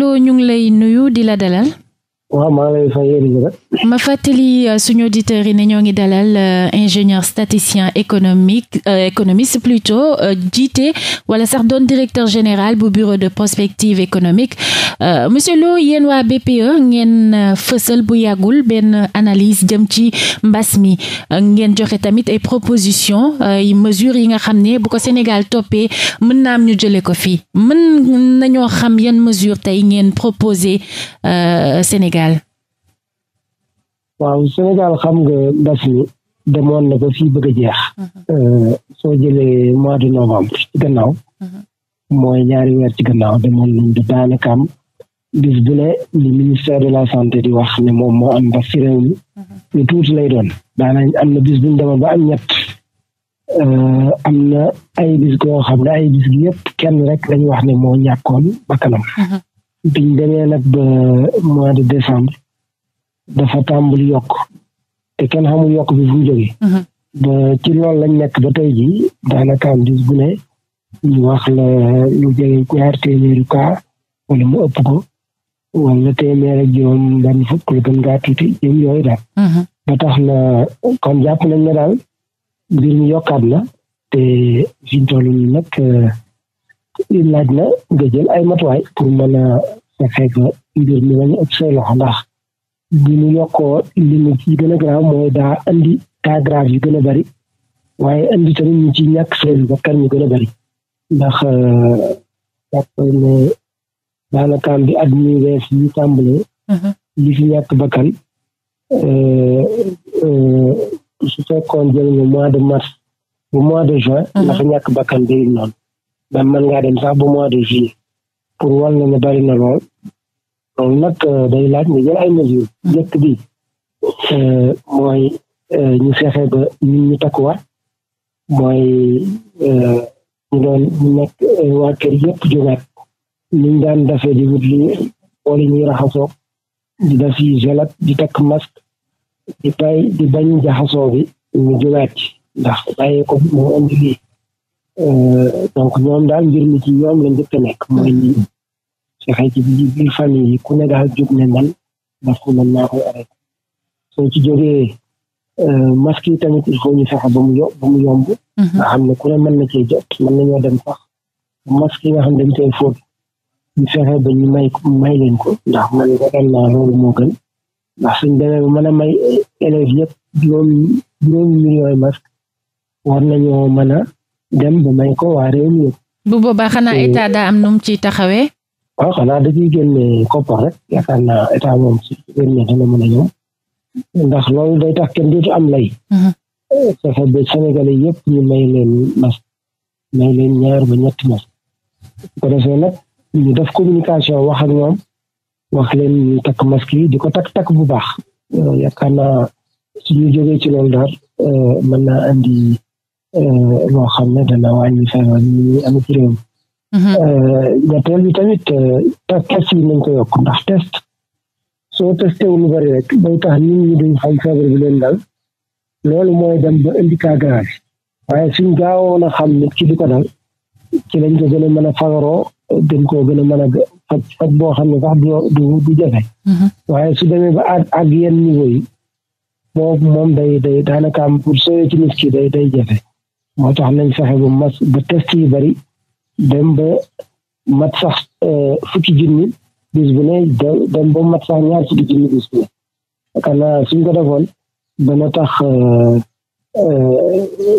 loo ñu ngi lay nuyu di la dalal waaw maa ma fàttali euh, suñu auditeurs yi na ñoo ngi dalal euh, ingénieur statisticien économique euh, économiste pluto jiite wala sax doon directeur général bu bureau de prospective économique monsieur Lo yéen waa BPE ngeen fësal bu yàggul benn analyse jëm ci mbas mi ngeen joxe tamit ay proposition ay mesures yi nga xam ne bu ko Sénégal toppee mën na am ñu jëlee ko fii mën nañoo xam yan mesure tey ngeen proposé Sénégal Sénégal. waaw Sénégal xam nga mbas mi na ba fii bëgg a jeex. Uh-huh. Uh, soo jëlee mois de novembre ci gannaaw. Uh-huh. mooy ñaari weer ci gannaaw demoon nañ ba daanakaam bis bu li ministère de la santé di wax ne moom moo am mbas ci mi. Uh-huh. lu lay doon daanañ am na bis buñ demoon ba am ñett. Uh, am na ay bis goo xam ne ay bis gi kenn rek lañ wax ne moo ñàkkoon bakkanam. biñ demee nag ba mois de décembre dafa tàmbali yokk te kenn xamul yokk bi fu mu mhm. ci lool lañ nekk ba tey jii daanaka am bis bu ne ñu wax la lu jege ñaar téeméeri wala mu ëpp ko wala téeméer ak juróom benn fukk lu gën gaa tuuti jëm yooyu daal. Mhm. ba tax na kon jàpp nañ ne daal mbir mi yokkaat na te fi ñu toll laaj na nga jël ay matuwaay pour mën a fexee que mbir mi bañ a ëpp say loxo ndax bi mu yokkoo li mu ci gën a grave mooy daa andi cas grave yu gën a bari waaye andi tamit ci ñàkk seen bakkan mi gën a bari ndax euh, jàpp ne daanakaam bi at mi wees yi tàmbalee mhm. li fi ñàkk bakkan euh, euh, su fekkoon jël nga mois de mars bu mois de juin mhm. dafa ñàkk bakkan day noonu ba mën ngaa dem sax ba mois de juillet pour wal na ne bari na lool loolu nag euh, day laaj nga jël ay mesures njëkk bi euh, mooy euh, ñu fexe ba nit ñi takkuwaat mooy ñu doon nekk waa kër yëpp jógaat niñ daan defee di wut li wala raxasoo di def yi gelat di takk masque di bay di bañ jaxasoo bi ñu jógaat ndax bàyyee ko moo indi Euh, donc ñoom daal ngir mi ci ñoom la njëkk a mooy fexe ci biir famille yi ku ne daal jóg ne man parce que man naa koy arrêté ci jógee euh, masque yi tamit il faut ba mu yomb ba mhm. xam ne ku ne mën na cee dem sax masque yi nga xam ne dañ koy fóot ñu fexe ba ñu may may leen ko ndax man waral naa loolu moo ndax suñ demee a may élèves yëpp juróom juróomi million masque a dem ba may ko waa réew mi bu boobaa xanaa eh, état daa am num ci taxawee waaw xanaa da ciy génne koppar rek yaakaar naa état moom si génne dana mën a ñëw ndax loolu day tax kenn dootu am lay fexe mhm. ba sénégalais yëpp ñu may leen mas leen ñaar ba ñetti mas su ko def communication wax ak ñoom wax leen ñu takk masque di ko tak takk bu baax euh, yaakaar naa suñu jógee ci lool daal euh, mën naa andi loo xam ne dana wàññi feebar bi ñuy am ci réew bi tamit test yi nañ ko yokk ndax test soo testé wu lu bari rek bay tax nit ñi duñ xam feebar bi leen dal loolu mooy dem ba indi cas grave waaye suñ gaawoon a xam nit ki di ko dal ci lañ ko gën a mën a fagaroo dañ koo gën a mën a faj boo xam ne sax du du du jafe mhm. waaye su demee ba ak ak yenn niveau moom day day daanaka am pour sooyee ci ki day day jafe moo tax nañ fexe bu mas ba test yi bari dem ba mat sax euh, fukki junni bis bu ne dem ba mat sax ñaar fukki junni bis bu ne yaakaar ko defoon dana tax euh, euh,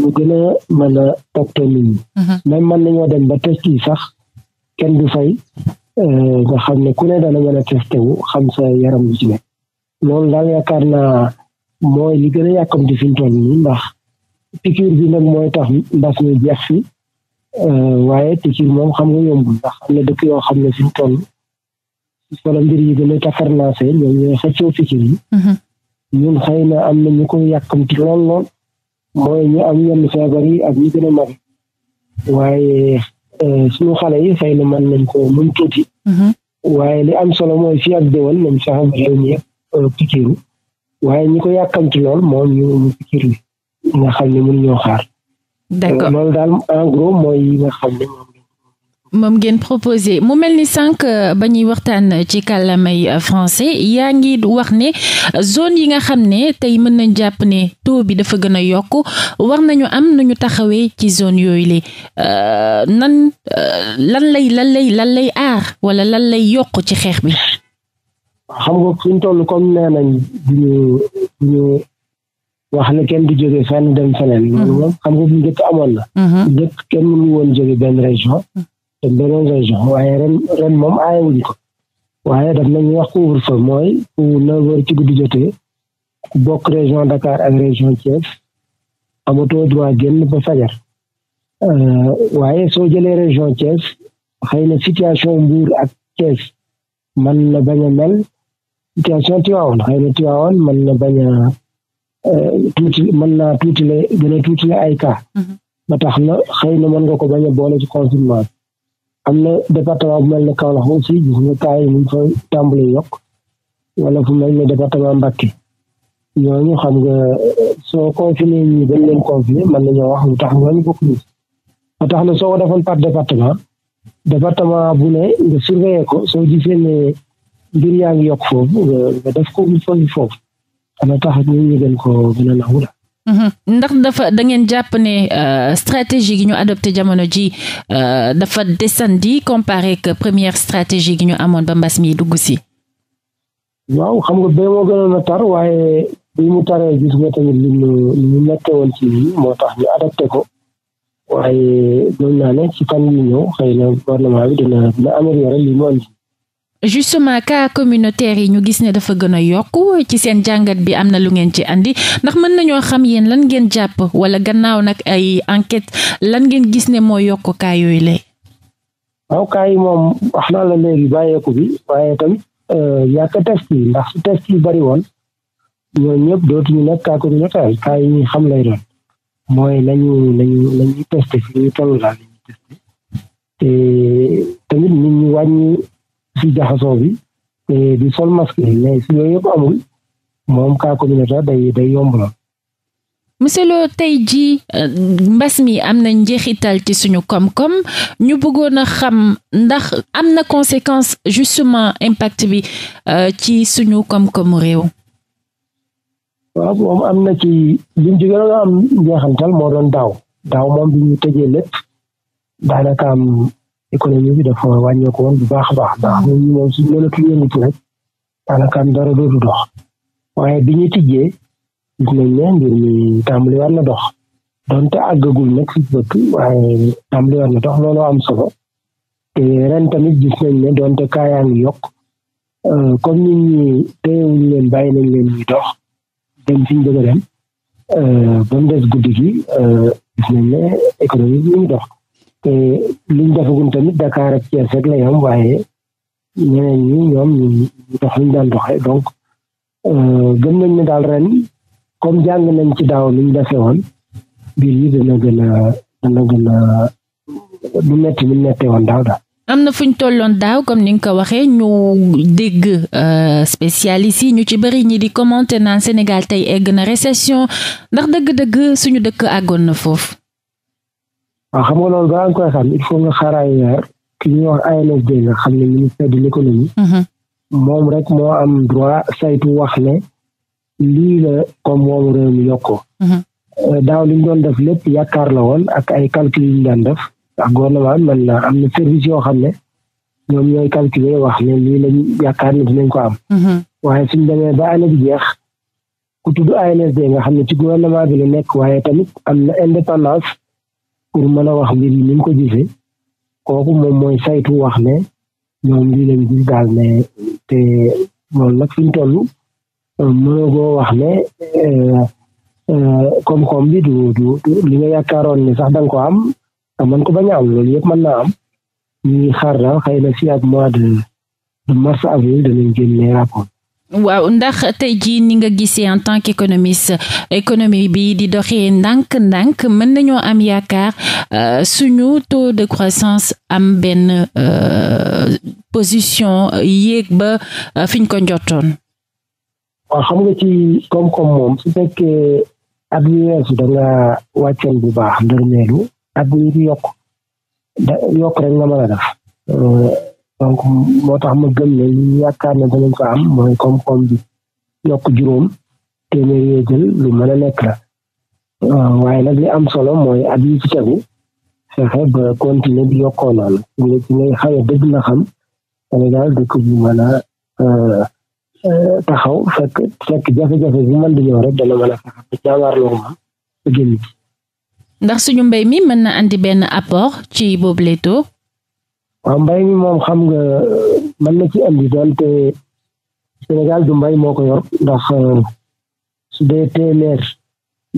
mu gën a mën a toppatoo nit ñi mm-hmm. même mën dem ba test yi sax kenn du fay nga xam ne ku ne dana mën a testé wu xam sa yaram lu loolu daal yaakaar naa mooy li gën a yàkkamti fi mu toll nii ndax piqûre bi nag mooy tax mbas mi jeex fi euh, waaye piqûre moom xam nga yombul ndax am na dëkk yoo xam ne fi mu toll solo mbir yi gën a takkarnaase ñoom ñooy xëccoo piqûre mm-hmm. xëy na am na ñu ko yàkkamti lool lool mooy ñu am yenn feebar yi ak ñu gën a mag euh, xëy na mën nañ ko mën tuuti mm-hmm. waaye li am solo mooy fii ak déwén nañ fexe ba réew euh, waaye ñi ko yàkkamti lool moom ñu ñu piqûre bi nga xam ne mënuñoo xaar. d'accord loolu daal en gros ngeen proposé mu mel ni sànq euh, ba ñuy waxtaan ci kàllaamay euh, français yaa ngi wax ne zone yi nga xam ne tey mën nañ jàpp ne taux bi dafa gën a yokk war nañu am nañu taxawee ci zone yooyu li euh, nan lan lay lan lay lan lay aar wala lan lay yokk ci xeex bi. xam nga fi ñu toll comme nee nañ boo xam kenn du jóge fenn dem feneen mhm. loolu moom xam nga bu njëkk amoon na njëkk mhm. kenn woon jóge benn région dem mhm. beneen région waaye ren ren moom aayewuñ ko waaye daf nañu wax couvre-feu mooy fu neuf heures ci guddi jotee ku bokk région Dakar ak région Thiès amatoo droit génn ba fajar euh, waaye soo jëlee région Thiès xëy na situation Mbour ak Thiès mën na bañ a mel situation Tivaouane xëy na Tivaouane mën na bañ Euh, tuuti mën naa tuuti la gën a tuuti la ay cas. Mhm. ba tax na xëy na mën nga ko bañ a boole ci confinement bi. am na département bu mel ne Kaolack aussi gis nga cas yi ñu fa tàmbali yokk wala fu mel ne département Mbacké ñooñu xam nga soo confiné ñi bañ leen confiné mën nañoo wax lu tax ñooñu ñu ba tax na soo ko defoon par département département bu ne nga surveiller ko soo gisee ne yaa ngi yokk foofu nga def ko foofu foofu. dana tax ñu yëgal ko mhm. ndax dafa da jàpp ne euh, stratégie gi ñu adopté jamono ji euh, dafa desandi comparé que première stratégie gi ñu amoon ba mbas dugg si waaw xam nga bee moo gënoon tar waaye bi mu taree gis nga tamit ci moo tax ko waaye doon naa ci fan yi ñëw na gouvernement bi dina dina justement cas communautaire yi ñu gis ne dafa gën a yokk ci seen jàngat bi am na lu ngeen ci indi ndax mën nañoo xam yéen lan ngeen jàpp wala gannaaw nag ay enquête lan ngeen gis ne moo yokk cas yooyu lay waaw cas yi moom wax naa la léegi bàyyeeku bi waaye tamit ñàkk euh, test yi ndax su test yi bari woon ñooñu ñëpp dootuñu nekk cas communautaire cas yi ñuy xam lay doon mooy lañu lañu lañuy testé fi ñu toll daal lañuy testé te tamit nit ñi wàññi si jaxasoo bi te di sol masque mais si yooyu yëpp amul moom cas communautaire day day yomb la. monsieur tey jii euh, mbas mi am na njeexital ci suñu koom-koom ñu bëggoon a xam ndax am na conséquence justement impact bi euh, ci suñu koom-koomu réew. waaw moom am na ci liñ ci gën am njeexantal moo doon daaw daaw moom bi ñu tëjee lépp daanaka am économie fi dafa wàññeeku woon bu baax a baax ndax ñun moom suñu mënatu yëngatu rek daanaka dara dootu dox waaye bi ñu tijjee nañ ne mbir mi tàmbali war na dox àggagul nag fi bëgg waaye am solo ren tamit gis nañ ne donte kaayaa ngi yokk euh, comme nit ñi téyewuñu leen bàyyi nañ leen ñuy dox dem fi ñu bëgg a euh, des guddi gi euh, gis nañ ne économie bi ñu dox. te liñ defagum tamit Dakar ak Thiès rek la yam waaye ñeneen ñi ñoom ñu dox luñ daan doxe donc euh, gëm nañ ne daal ren comme jàng nañ ci daaw liñ defe woon biir yi dana gën a dana gën du metti lu metti woon daaw daal am na fuñ tolloon daaw comme ni nga ko waxee ñu dégg euh, spécialistes yi ñu ci bëri ñi di commenter naan Sénégal tey egg na récession ndax dëgg-dëgg suñu dëkk àggoon na foofu waaw xam nga loolu balaa nga koy xam il faut nga xaaraay weer ki ñuy wax ANSD nga xam ne ministère de l'économie moom rek moo am droit saytu wax ne lii la comme moomu réew mi yokku mm-hmm. euh, daaw li doon def lépp yaakaar ak ay calcul yu ñu daan def ak gouvernement man na am ne service yoo xam ne ñoom ñooy calculer wax ne lii lañ yaakaar ne dinañ ko am mm-hmm. waaye suñ demee ba xam ne ci gouvernement bi la nekk waaye tamit am na pour mën a wax mbir ni mu ko gisee kooku moom mooy saytu wax ne ñoom lii lañ gis daal ne te moom nag fi ñu toll euh, mënoo koo wax ne koom-koom euh, euh, bi du du li nga yaakaaroon ne sax da nga ko am te mën ko bañ a am loolu yëpp mën naa am ñuy xaar daal xëy na si ak mois de mars avril danañ génne rapport. waaw ndax tey jii ni nga gisee en tant qu'économiste économie bi di doxe ndànk-ndànk mën nañoo am yaakaar euh, suñu taux de croissance am benn euh, position yéeg ba euh, fiñ ko njottoon. waaw xam nga ci koom-koom moom su fekkee at yu weesu da nga bu baax ndërmeelu at yokk da yokk rek a def. donc moo tax ma gëm ne yaakaar ne danañ fa am mooy koom-koom bi yokk juróom téeméer yoo jël lu mën a nekk la euh, waaye nag li am solo mooy at yi ci tegu fexe ba continuer di yokkoo noonu nga dëgg na xam Sénégal dëkk bu mën a euh, euh, taxaw fekk fekk jafe-jafe bi mën di ñëw rek dana mën a fexe ba jàmmaarloo moom ba génn ci ndax suñu mbéy mi mën na andi benn apport ci boobu les waaw mbay mi moom xam nga man na ci andi doonte Sénégal du mbay moo ko yor ndax euh, su dee téeméer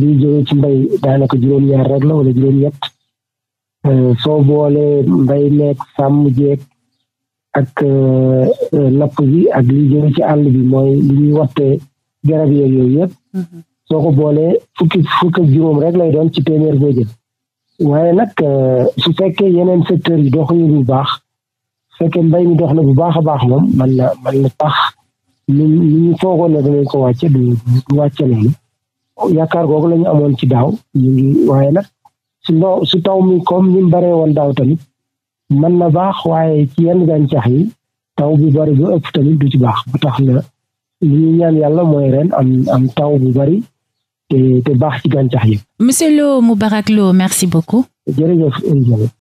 li jóge ci mbay daanaka juróom-ñaar rek la wala juróom-ñett euh, soo boole mbay nekk sàmm jeeg ak euh, napp bi ak li jóge ci àll bi mooy li ñuy garab yeeg yooyu yëpp mm-hmm. soo ko boole fukki fukk ak juróom rek lay doon ci téeméer boo jël waaye nag euh, su fekkee yeneen secteurs yi doxuñu bu baax su fekkee mbay mi dox na bu baax a baax moom man na man na tax ni ñu foogoon ne danañ ko wàcce du du wàcce noonu yaakaar googu la ñu amoon ci daaw waaye nag su loo su taw mi kom ni mu baree woon daaw tamit mën na baax waaye ci yenn gàncax yi taw bu bari bu ëpp tamit du ci baax bu tax na li ñaan yàlla mooy ren am am taw bu bari te te baax ci gàncax yi. monsieur Lo Moubarak Lo merci beaucoup. jërëjëf